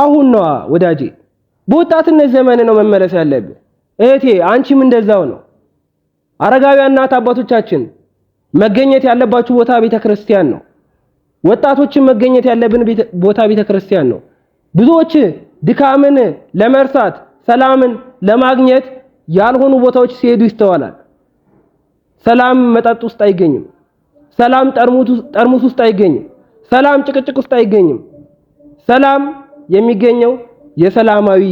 አሁን ነዋ ወዳጄ፣ በወጣትነት ዘመን ነው መመለስ ያለብህ። እህቴ አንቺም እንደዛው ነው። አረጋውያን እናት አባቶቻችን መገኘት ያለባችሁ ቦታ ቤተ ክርስቲያን ነው። ወጣቶችን መገኘት ያለብን ቦታ ቤተ ክርስቲያን ነው። ብዙዎች ድካምን ለመርሳት ሰላምን ለማግኘት ያልሆኑ ቦታዎች ሲሄዱ ይስተዋላል። ሰላም መጠጥ ውስጥ አይገኝም። ሰላም ጠርሙስ ውስጥ አይገኝም። ሰላም ጭቅጭቅ ውስጥ አይገኝም። ሰላም የሚገኘው የሰላማዊ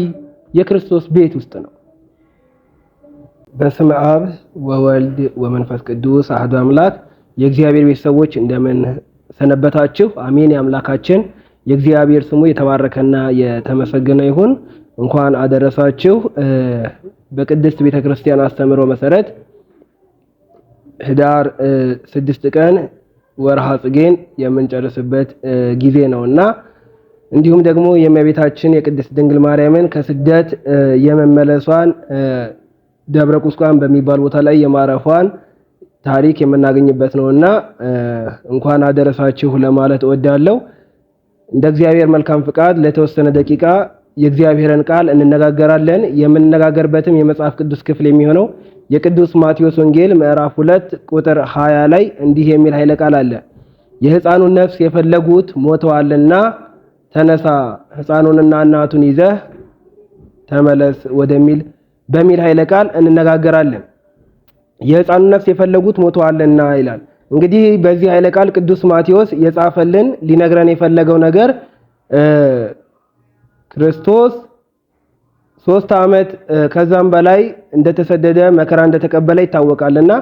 የክርስቶስ ቤት ውስጥ ነው። በስመ አብ ወወልድ ወመንፈስ ቅዱስ አህዱ አምላክ። የእግዚአብሔር ቤተሰቦች እንደምን ሰነበታችሁ? አሜን። የአምላካችን የእግዚአብሔር ስሙ የተባረከና የተመሰገነ ይሁን። እንኳን አደረሳችሁ። በቅድስት ቤተክርስቲያን አስተምህሮ መሰረት ህዳር ስድስት ቀን ወርሃ ጽጌን የምንጨርስበት ጊዜ ነውና እንዲሁም ደግሞ የእመቤታችን የቅድስት ድንግል ማርያምን ከስደት የመመለሷን ደብረ ቁስቋም በሚባል ቦታ ላይ የማረፏን ታሪክ የምናገኝበት ነውና እንኳን አደረሳችሁ ለማለት እወዳለሁ። እንደ እግዚአብሔር መልካም ፍቃድ ለተወሰነ ደቂቃ የእግዚአብሔርን ቃል እንነጋገራለን። የምንነጋገርበትም የመጽሐፍ ቅዱስ ክፍል የሚሆነው የቅዱስ ማቴዎስ ወንጌል ምዕራፍ 2 ቁጥር 20 ላይ እንዲህ የሚል ኃይለ ቃል አለ። የሕፃኑን ነፍስ የፈለጉት ሞተዋልና ተነሳ ህፃኑንና እናቱን ይዘህ ተመለስ ወደሚል በሚል ኃይለ ቃል እንነጋገራለን። የህፃኑ ነፍስ የፈለጉት ሞተዋልና ይላል። እንግዲህ በዚህ ኃይለ ቃል ቅዱስ ማቴዎስ የጻፈልን ሊነግረን የፈለገው ነገር ክርስቶስ ሶስት ዓመት ከዛም በላይ እንደተሰደደ መከራ እንደተቀበለ ይታወቃልና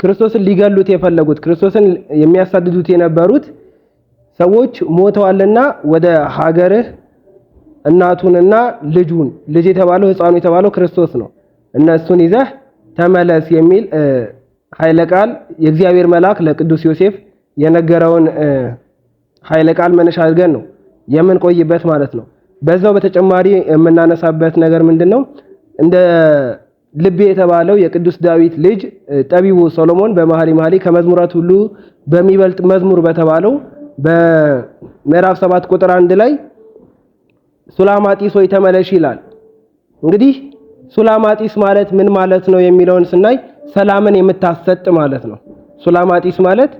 ክርስቶስን ሊገሉት የፈለጉት ክርስቶስን የሚያሳድዱት የነበሩት ሰዎች ሞተዋልና ወደ ሀገርህ እናቱንና ልጁን ልጅ የተባለው ህፃኑ የተባለው ክርስቶስ ነው። እነሱን ይዘህ ተመለስ የሚል ኃይለ ቃል የእግዚአብሔር መልአክ ለቅዱስ ዮሴፍ የነገረውን ኃይለ ቃል መነሻ አድርገን ነው የምንቆይበት ማለት ነው። በዛው በተጨማሪ የምናነሳበት ነገር ምንድን ነው? እንደ ልቤ የተባለው የቅዱስ ዳዊት ልጅ ጠቢቡ ሶሎሞን በመኃልየ መኃልይ ከመዝሙራት ሁሉ በሚበልጥ መዝሙር በተባለው በምዕራፍ ሰባት ቁጥር አንድ ላይ ሱላማጢስ ወይ ተመለሽ ይላል። እንግዲህ ሱላማጢስ ማለት ምን ማለት ነው የሚለውን ስናይ ሰላምን የምታሰጥ ማለት ነው። ሱላማጢስ ማለት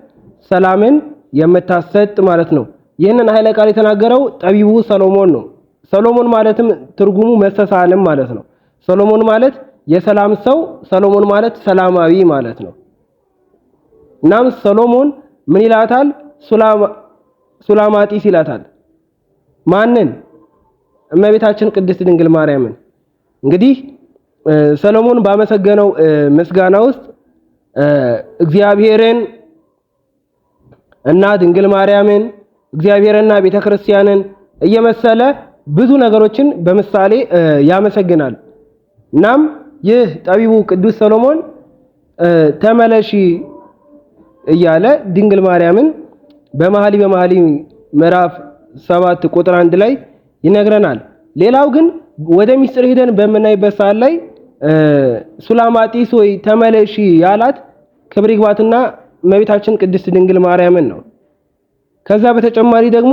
ሰላምን የምታሰጥ ማለት ነው። ይህንን ኃይለ ቃል የተናገረው ጠቢቡ ሰሎሞን ነው። ሰሎሞን ማለትም ትርጉሙ መሰሳለም ማለት ነው። ሰሎሞን ማለት የሰላም ሰው፣ ሰሎሞን ማለት ሰላማዊ ማለት ነው። እናም ሰሎሞን ምን ይላታል? ሱላማጢስ ይላታል። ማንን? እመቤታችን ቅድስት ድንግል ማርያምን። እንግዲህ ሰሎሞን ባመሰገነው ምስጋና ውስጥ እግዚአብሔርን እና ድንግል ማርያምን እግዚአብሔርና ቤተክርስቲያንን እየመሰለ ብዙ ነገሮችን በምሳሌ ያመሰግናል። እናም ይህ ጠቢቡ ቅዱስ ሰሎሞን ተመለሺ እያለ ድንግል ማርያምን በመኃልየ በመኃልይ ምዕራፍ ሰባት ቁጥር አንድ ላይ ይነግረናል። ሌላው ግን ወደ ሚስጥር ሄደን በምናይበት ሰዓት ላይ ሱላማጢስ ወይ ተመለሺ ያላት ክብር ይግባትና እመቤታችን ቅድስት ድንግል ማርያምን ነው። ከዛ በተጨማሪ ደግሞ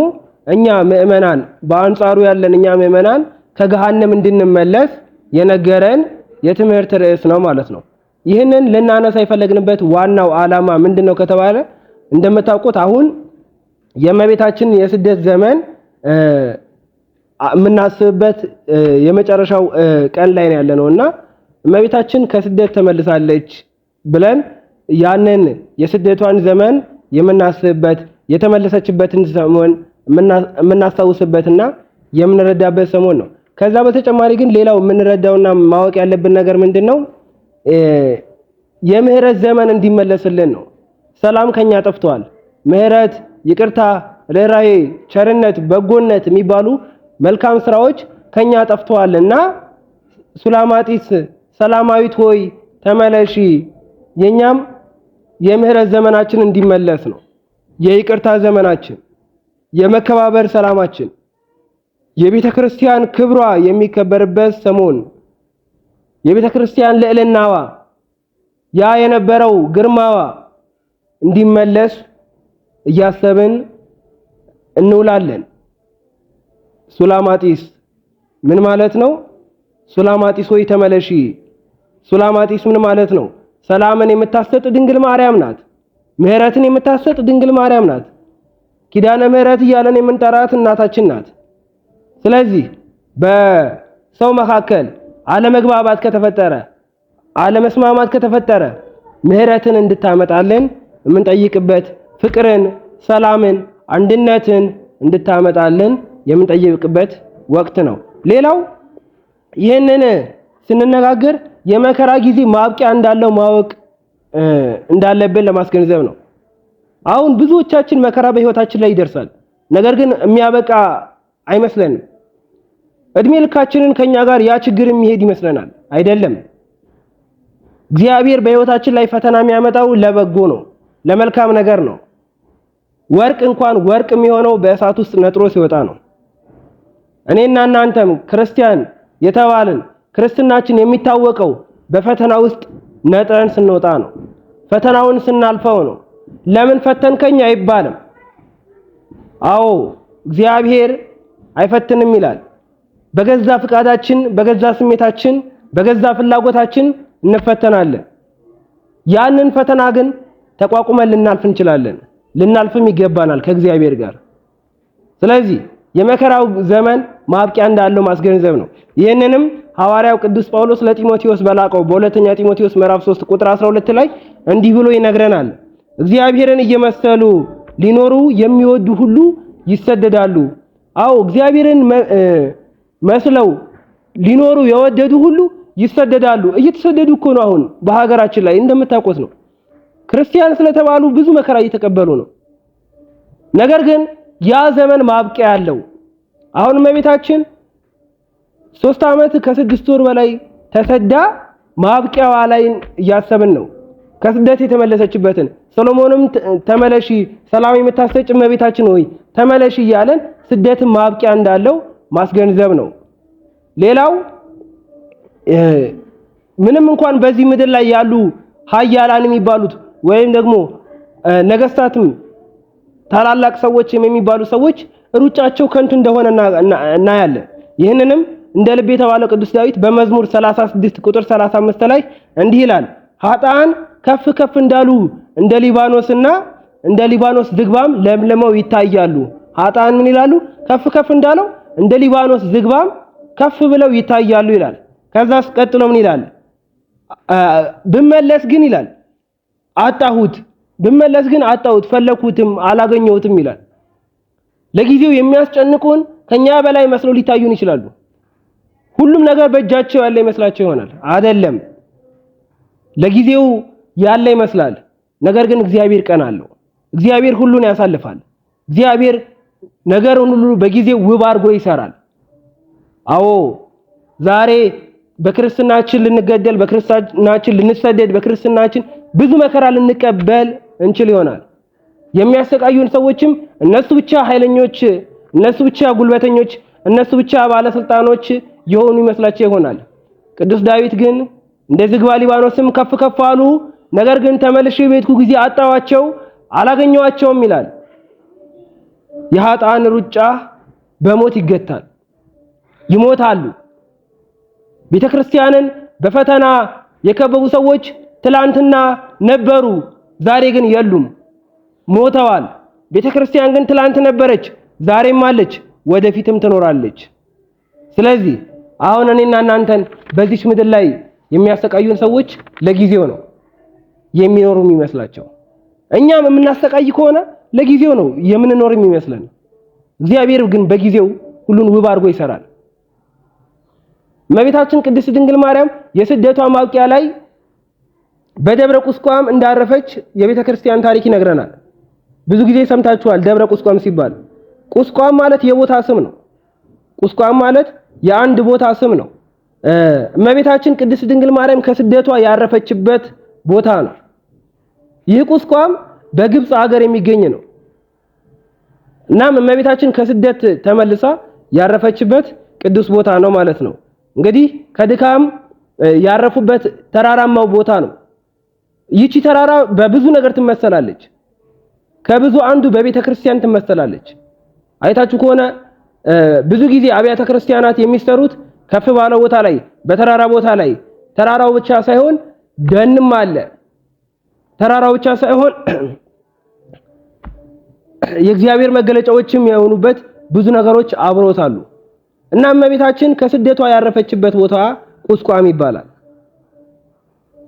እኛ ምእመናን በአንጻሩ ያለን እኛ ምእመናን ከገሃነም እንድንመለስ የነገረን የትምህርት ርዕስ ነው ማለት ነው። ይህንን ልናነሳ የፈለግንበት ዋናው ዓላማ ምንድን ነው ከተባለ እንደምታውቁት አሁን የእመቤታችን የስደት ዘመን የምናስብበት የመጨረሻው ቀን ላይ ነው ያለነው እና እመቤታችን ከስደት ተመልሳለች ብለን ያንን የስደቷን ዘመን የምናስብበት የተመለሰችበትን ሰሞን የምናስታውስበትና የምንረዳበት ሰሞን ነው። ከዛ በተጨማሪ ግን ሌላው የምንረዳውና ማወቅ ያለብን ነገር ምንድን ነው? የምህረት ዘመን እንዲመለስልን ነው። ሰላም ከኛ ጠፍቷል። ምህረት ይቅርታ፣ ርኅራኄ፣ ቸርነት፣ በጎነት የሚባሉ መልካም ስራዎች ከኛ ጠፍተዋልና ሱላማጢስ ሰላማዊት ሆይ ተመለሺ፣ የኛም የምህረት ዘመናችን እንዲመለስ ነው። የይቅርታ ዘመናችን፣ የመከባበር ሰላማችን፣ የቤተ ክርስቲያን ክብሯ የሚከበርበት ሰሞን፣ የቤተ ክርስቲያን ልዕልናዋ ያ የነበረው ግርማዋ እንዲመለስ እያሰብን እንውላለን። ሱላማጢስ ምን ማለት ነው? ሱላማጢስ ሆይ ተመለሺ። ሱላማጢስ ምን ማለት ነው? ሰላምን የምታሰጥ ድንግል ማርያም ናት። ምህረትን የምታሰጥ ድንግል ማርያም ናት። ኪዳነ ምህረት እያለን የምንጠራት እናታችን ናት። ስለዚህ በሰው መካከል አለመግባባት ከተፈጠረ፣ አለመስማማት ከተፈጠረ ምህረትን እንድታመጣልን የምንጠይቅበት ፍቅርን፣ ሰላምን፣ አንድነትን እንድታመጣልን የምንጠይቅበት ወቅት ነው። ሌላው ይህንን ስንነጋገር የመከራ ጊዜ ማብቂያ እንዳለው ማወቅ እንዳለብን ለማስገንዘብ ነው። አሁን ብዙዎቻችን መከራ በህይወታችን ላይ ይደርሳል። ነገር ግን የሚያበቃ አይመስለንም። እድሜ ልካችንን ከኛ ጋር ያ ችግር የሚሄድ ይመስለናል። አይደለም። እግዚአብሔር በህይወታችን ላይ ፈተና የሚያመጣው ለበጎ ነው፣ ለመልካም ነገር ነው። ወርቅ እንኳን ወርቅ የሚሆነው በእሳት ውስጥ ነጥሮ ሲወጣ ነው። እኔና እናንተም ክርስቲያን የተባልን ክርስትናችን የሚታወቀው በፈተና ውስጥ ነጥረን ስንወጣ ነው። ፈተናውን ስናልፈው ነው። ለምን ፈተንከኝ አይባልም። አዎ እግዚአብሔር አይፈትንም ይላል። በገዛ ፍቃዳችን፣ በገዛ ስሜታችን፣ በገዛ ፍላጎታችን እንፈተናለን። ያንን ፈተና ግን ተቋቁመን ልናልፍ እንችላለን። ልናልፍም ይገባናል ከእግዚአብሔር ጋር። ስለዚህ የመከራው ዘመን ማብቂያ እንዳለው ማስገንዘብ ነው። ይህንንም ሐዋርያው ቅዱስ ጳውሎስ ለጢሞቴዎስ በላቀው በሁለተኛ ጢሞቴዎስ ምዕራፍ 3 ቁጥር 12 ላይ እንዲህ ብሎ ይነግረናል። እግዚአብሔርን እየመሰሉ ሊኖሩ የሚወዱ ሁሉ ይሰደዳሉ። አዎ እግዚአብሔርን መስለው ሊኖሩ የወደዱ ሁሉ ይሰደዳሉ። እየተሰደዱ እኮ ነው። አሁን በሀገራችን ላይ እንደምታውቁት ነው። ክርስቲያን ስለተባሉ ብዙ መከራ እየተቀበሉ ነው። ነገር ግን ያ ዘመን ማብቂያ ያለው አሁን እመቤታችን ሶስት ዓመት ከስድስት ወር በላይ ተሰዳ ማብቂያዋ ላይ እያሰብን ነው። ከስደት የተመለሰችበትን ሰሎሞንም ተመለሺ ሰላም የምታሰጭ እመቤታችን ሆይ ተመለሺ እያለን ስደትን ማብቂያ እንዳለው ማስገንዘብ ነው። ሌላው ምንም እንኳን በዚህ ምድር ላይ ያሉ ሀያላን የሚባሉት ወይም ደግሞ ነገስታትም ታላላቅ ሰዎችም የሚባሉ ሰዎች ሩጫቸው ከንቱ እንደሆነ እናያለን። ይህንንም እንደ ልብ የተባለው ቅዱስ ዳዊት በመዝሙር 36 ቁጥር 35 ላይ እንዲህ ይላል፣ ሀጣን ከፍ ከፍ እንዳሉ እንደ ሊባኖስና እንደ ሊባኖስ ዝግባም ለምልመው ይታያሉ። ሀጣን ምን ይላሉ? ከፍ ከፍ እንዳለው እንደ ሊባኖስ ዝግባም ከፍ ብለው ይታያሉ ይላል። ከዛስ ቀጥሎ ምን ይላል? ብመለስ ግን ይላል አጣሁት፣ ብመለስ ግን አጣሁት፣ ፈለኩትም አላገኘሁትም ይላል። ለጊዜው የሚያስጨንቁን ከኛ በላይ መስለው ሊታዩን ይችላሉ። ሁሉም ነገር በእጃቸው ያለ ይመስላቸው ይሆናል። አይደለም፣ ለጊዜው ያለ ይመስላል። ነገር ግን እግዚአብሔር ቀን አለው። እግዚአብሔር ሁሉን ያሳልፋል። እግዚአብሔር ነገርን ሁሉ በጊዜው ውብ አድርጎ ይሰራል። አዎ ዛሬ በክርስትናችን ልንገደል፣ በክርስትናችን ልንሰደድ፣ በክርስትናችን ብዙ መከራ ልንቀበል እንችል ይሆናል። የሚያሰቃዩን ሰዎችም እነሱ ብቻ ኃይለኞች፣ እነሱ ብቻ ጉልበተኞች፣ እነሱ ብቻ ባለስልጣኖች የሆኑ ይመስላቸው ይሆናል። ቅዱስ ዳዊት ግን እንደ ዝግባ ሊባኖስም ከፍ ከፍ አሉ፣ ነገር ግን ተመልሼ ቤትኩ ጊዜ አጣዋቸው አላገኘዋቸውም ይላል። የሀጣን ሩጫ በሞት ይገታል፣ ይሞታሉ። ቤተክርስቲያንን በፈተና የከበቡ ሰዎች ትላንትና ነበሩ፣ ዛሬ ግን የሉም፣ ሞተዋል። ቤተ ክርስቲያን ግን ትላንት ነበረች፣ ዛሬም አለች፣ ወደፊትም ትኖራለች። ስለዚህ አሁን እኔና እናንተን በዚች ምድር ላይ የሚያሰቃዩን ሰዎች ለጊዜው ነው የሚኖሩ የሚመስላቸው። እኛም የምናሰቃይ ከሆነ ለጊዜው ነው የምንኖር የሚመስለን። እግዚአብሔር ግን በጊዜው ሁሉን ውብ አድርጎ ይሰራል። እመቤታችን ቅድስት ድንግል ማርያም የስደቷ ማብቂያ ላይ በደብረ ቁስቋም እንዳረፈች የቤተ ክርስቲያን ታሪክ ይነግረናል። ብዙ ጊዜ ሰምታችኋል። ደብረ ቁስቋም ሲባል ቁስቋም ማለት የቦታ ስም ነው። ቁስቋም ማለት የአንድ ቦታ ስም ነው። እመቤታችን ቅድስት ድንግል ማርያም ከስደቷ ያረፈችበት ቦታ ነው። ይህ ቁስቋም በግብፅ ሀገር የሚገኝ ነው። እናም እመቤታችን ከስደት ተመልሳ ያረፈችበት ቅዱስ ቦታ ነው ማለት ነው። እንግዲህ ከድካም ያረፉበት ተራራማው ቦታ ነው። ይቺ ተራራ በብዙ ነገር ትመሰላለች። ከብዙ አንዱ በቤተ ክርስቲያን ትመሰላለች። አይታችሁ ከሆነ ብዙ ጊዜ አብያተ ክርስቲያናት የሚሰሩት ከፍ ባለው ቦታ ላይ በተራራ ቦታ ላይ ተራራው ብቻ ሳይሆን ደንም አለ። ተራራው ብቻ ሳይሆን የእግዚአብሔር መገለጫዎችም የሆኑበት ብዙ ነገሮች አሉ። እና እመቤታችን ከስደቷ ያረፈችበት ቦታ ቁስቋም ይባላል።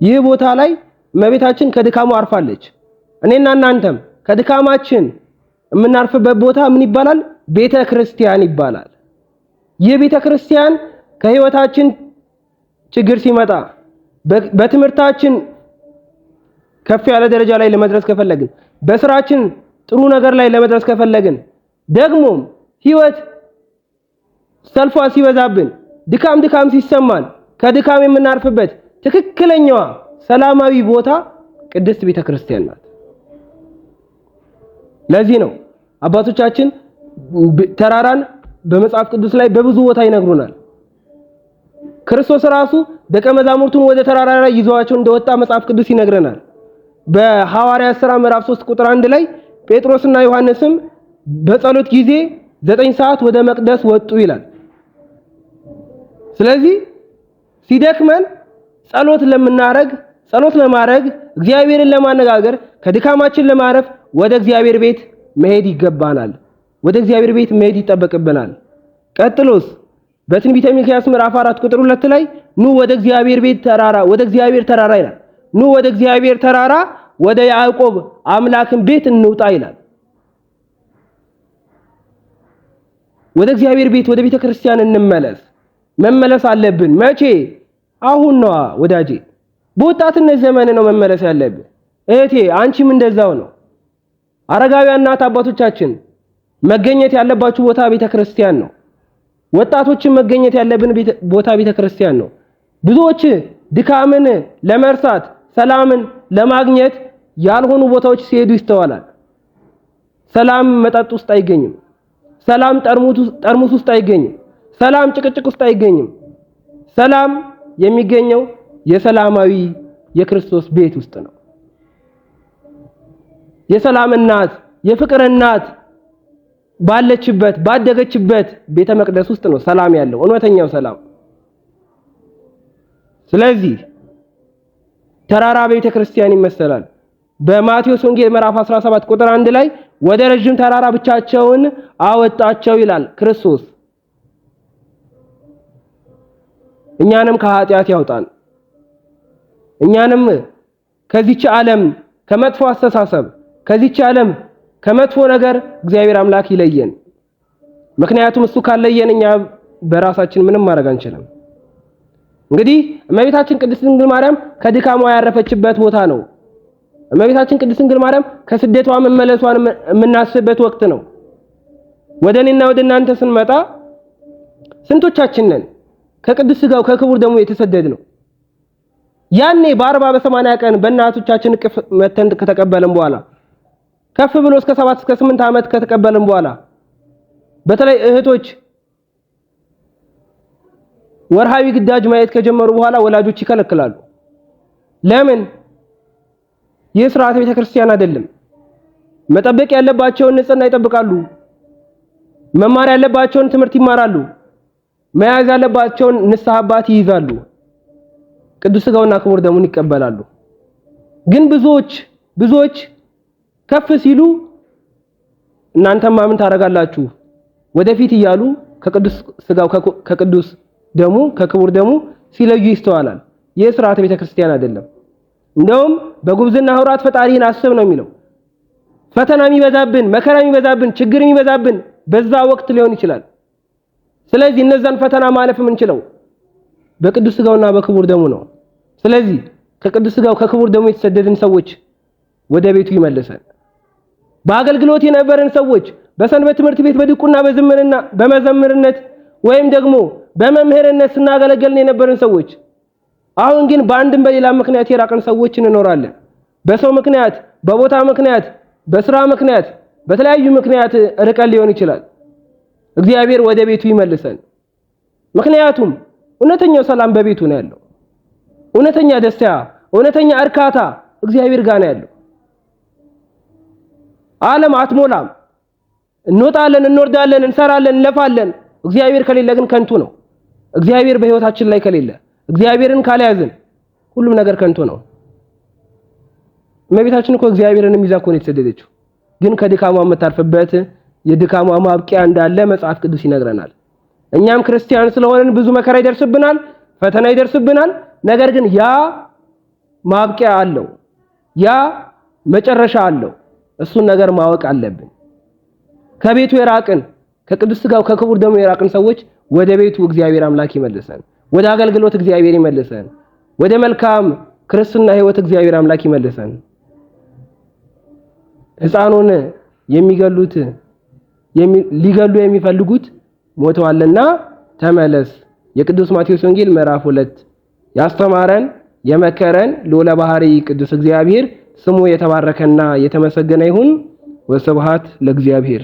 ይህ ቦታ ላይ እመቤታችን ከድካሙ አርፋለች። እኔና እናንተም ከድካማችን የምናርፍበት ቦታ ምን ይባላል? ቤተ ክርስቲያን ይባላል። ይህ ቤተ ክርስቲያን ከህይወታችን ችግር ሲመጣ በትምህርታችን ከፍ ያለ ደረጃ ላይ ለመድረስ ከፈለግን፣ በስራችን ጥሩ ነገር ላይ ለመድረስ ከፈለግን፣ ደግሞ ህይወት ሰልፏ ሲበዛብን ድካም ድካም ሲሰማን ከድካም የምናርፍበት ትክክለኛዋ ሰላማዊ ቦታ ቅድስት ቤተ ክርስቲያን ናት። ለዚህ ነው አባቶቻችን ተራራን በመጽሐፍ ቅዱስ ላይ በብዙ ቦታ ይነግሩናል። ክርስቶስ ራሱ ደቀ መዛሙርቱን ወደ ተራራ ላይ ይዘዋቸው እንደወጣ መጽሐፍ ቅዱስ ይነግረናል። በሐዋርያት ሥራ ምዕራፍ 3 ቁጥር 1 ላይ ጴጥሮስና ዮሐንስም በጸሎት ጊዜ ዘጠኝ ሰዓት ወደ መቅደስ ወጡ ይላል። ስለዚህ ሲደክመን ጸሎት ለምናረግ ጸሎት ለማድረግ እግዚአብሔርን ለማነጋገር ከድካማችን ለማረፍ ወደ እግዚአብሔር ቤት መሄድ ይገባናል። ወደ እግዚአብሔር ቤት መሄድ ይጠበቅብናል። ቀጥሎስ በትንቢተ ሚክያስ ምዕራፍ 4 ቁጥር 2 ላይ ኑ ወደ እግዚአብሔር ቤት ተራራ ወደ እግዚአብሔር ተራራ ይላል። ኑ ወደ እግዚአብሔር ተራራ ወደ ያዕቆብ አምላክን ቤት እንውጣ ይላል። ወደ እግዚአብሔር ቤት ወደ ቤተ ክርስቲያን እንመለስ። መመለስ አለብን። መቼ? አሁን ነዋ ወዳጄ። በወጣትነት ዘመን ነው መመለስ ያለብን እህቴ። አንቺም እንደዛው ነው። አረጋውያን እናት አባቶቻችን መገኘት ያለባችሁ ቦታ ቤተ ክርስቲያን ነው። ወጣቶችን መገኘት ያለብን ቦታ ቤተ ክርስቲያን ነው። ብዙዎች ድካምን ለመርሳት ሰላምን ለማግኘት ያልሆኑ ቦታዎች ሲሄዱ ይስተዋላል። ሰላም መጠጥ ውስጥ አይገኝም። ሰላም ጠርሙስ ውስጥ አይገኝም። ሰላም ጭቅጭቅ ውስጥ አይገኝም። ሰላም የሚገኘው የሰላማዊ የክርስቶስ ቤት ውስጥ ነው። የሰላም እናት የፍቅር እናት ባለችበት ባደገችበት ቤተ መቅደስ ውስጥ ነው ሰላም ያለው እውነተኛው ሰላም። ስለዚህ ተራራ ቤተ ክርስቲያን ይመሰላል። በማቴዎስ ወንጌል ምዕራፍ 17 ቁጥር 1 ላይ ወደ ረጅም ተራራ ብቻቸውን አወጣቸው ይላል ክርስቶስ። እኛንም ከኃጢአት ያውጣን። እኛንም ከዚች ዓለም ከመጥፎ አስተሳሰብ ከዚች ዓለም ከመጥፎ ነገር እግዚአብሔር አምላክ ይለየን። ምክንያቱም እሱ ካለየን እኛ በራሳችን ምንም ማድረግ አንችልም። እንግዲህ እመቤታችን ቅድስት ድንግል ማርያም ከድካሟ ያረፈችበት ቦታ ነው። እመቤታችን ቅድስት ድንግል ማርያም ከስደቷ መመለሷን የምናስብበት ወቅት ነው። ወደ እኔና ወደ እናንተ ስንመጣ ስንቶቻችን ነን ከቅዱስ ሥጋው ከክቡር ደሙ የተሰደድ ነው? ያኔ በአርባ በሰማንያ ቀን በእናቶቻችን እቅፍ መተን ከተቀበልን በኋላ ከፍ ብሎ እስከ ሰባት እስከ ስምንት ዓመት ከተቀበልን በኋላ በተለይ እህቶች ወርሃዊ ግዳጅ ማየት ከጀመሩ በኋላ ወላጆች ይከለክላሉ። ለምን? ይህ ቤተክርስቲያን ቤተ ክርስቲያን አይደለም። መጠበቅ ያለባቸውን ንጽህና ይጠብቃሉ። መማር ያለባቸውን ትምህርት ይማራሉ። መያዝ ያለባቸውን ንስሐ አባት ይይዛሉ። ቅዱስ ሥጋውና ክቡር ደሙን ይቀበላሉ። ግን ብዙዎች ብዙዎች ከፍ ሲሉ እናንተማ ምን ታደርጋላችሁ ወደፊት እያሉ ከቅዱስ ሥጋው ከቅዱስ ደሙ ከክቡር ደሙ ሲለዩ ይስተዋላል። ይህ ስርዓተ ቤተ ክርስቲያን አይደለም። እንደውም በጉብዝና ኅውራት ፈጣሪህን አስብ ነው የሚለው። ፈተና የሚበዛብን፣ መከራ የሚበዛብን፣ ችግር የሚበዛብን በዛ ወቅት ሊሆን ይችላል። ስለዚህ እነዛን ፈተና ማለፍ የምንችለው በቅዱስ ስጋውና በክቡር ደሙ ነው። ስለዚህ ከቅዱስ ስጋው ከክቡር ደሙ የተሰደድን ሰዎች ወደ ቤቱ ይመልሰን። በአገልግሎት የነበረን ሰዎች በሰንበት ትምህርት ቤት በድቁና በዝምርና በመዘምርነት ወይም ደግሞ በመምህርነት ስናገለገልን የነበረን ሰዎች አሁን ግን በአንድም በሌላ ምክንያት የራቅን ሰዎች እንኖራለን። በሰው ምክንያት፣ በቦታ ምክንያት፣ በስራ ምክንያት፣ በተለያዩ ምክንያት ርቀን ሊሆን ይችላል። እግዚአብሔር ወደ ቤቱ ይመልሰን። ምክንያቱም እውነተኛው ሰላም በቤቱ ነው ያለው። እውነተኛ ደስታ፣ እውነተኛ እርካታ እግዚአብሔር ጋር ነው ያለው። ዓለም አትሞላም። እንወጣለን፣ እንወርዳለን፣ እንሰራለን፣ እንለፋለን። እግዚአብሔር ከሌለ ግን ከንቱ ነው። እግዚአብሔር በህይወታችን ላይ ከሌለ እግዚአብሔርን ካልያዝን ሁሉም ነገር ከንቱ ነው። እመቤታችን እኮ እግዚአብሔርንም ይዛ እኮ ነው የተሰደደችው። ግን ከድካሟ የምታርፍበት የድካሟ ማብቂያ እንዳለ መጽሐፍ ቅዱስ ይነግረናል። እኛም ክርስቲያን ስለሆንን ብዙ መከራ ይደርስብናል፣ ፈተና ይደርስብናል። ነገር ግን ያ ማብቂያ አለው፣ ያ መጨረሻ አለው። እሱን ነገር ማወቅ አለብን። ከቤቱ የራቅን ከቅዱስ ሥጋው ከክቡር ደሙ የራቅን ሰዎች ወደ ቤቱ እግዚአብሔር አምላክ ይመልሰን፣ ወደ አገልግሎት እግዚአብሔር ይመልሰን፣ ወደ መልካም ክርስትና ሕይወት እግዚአብሔር አምላክ ይመልሰን። ሕፃኑን የሚገሉት ሊገሉ የሚፈልጉት ሞተዋልና ተመለስ። የቅዱስ ማቴዎስ ወንጌል ምዕራፍ ሁለት ያስተማረን የመከረን ልዑለ ባህሪ ቅዱስ እግዚአብሔር ስሙ የተባረከና የተመሰገነ ይሁን። ወስብሐት ለእግዚአብሔር።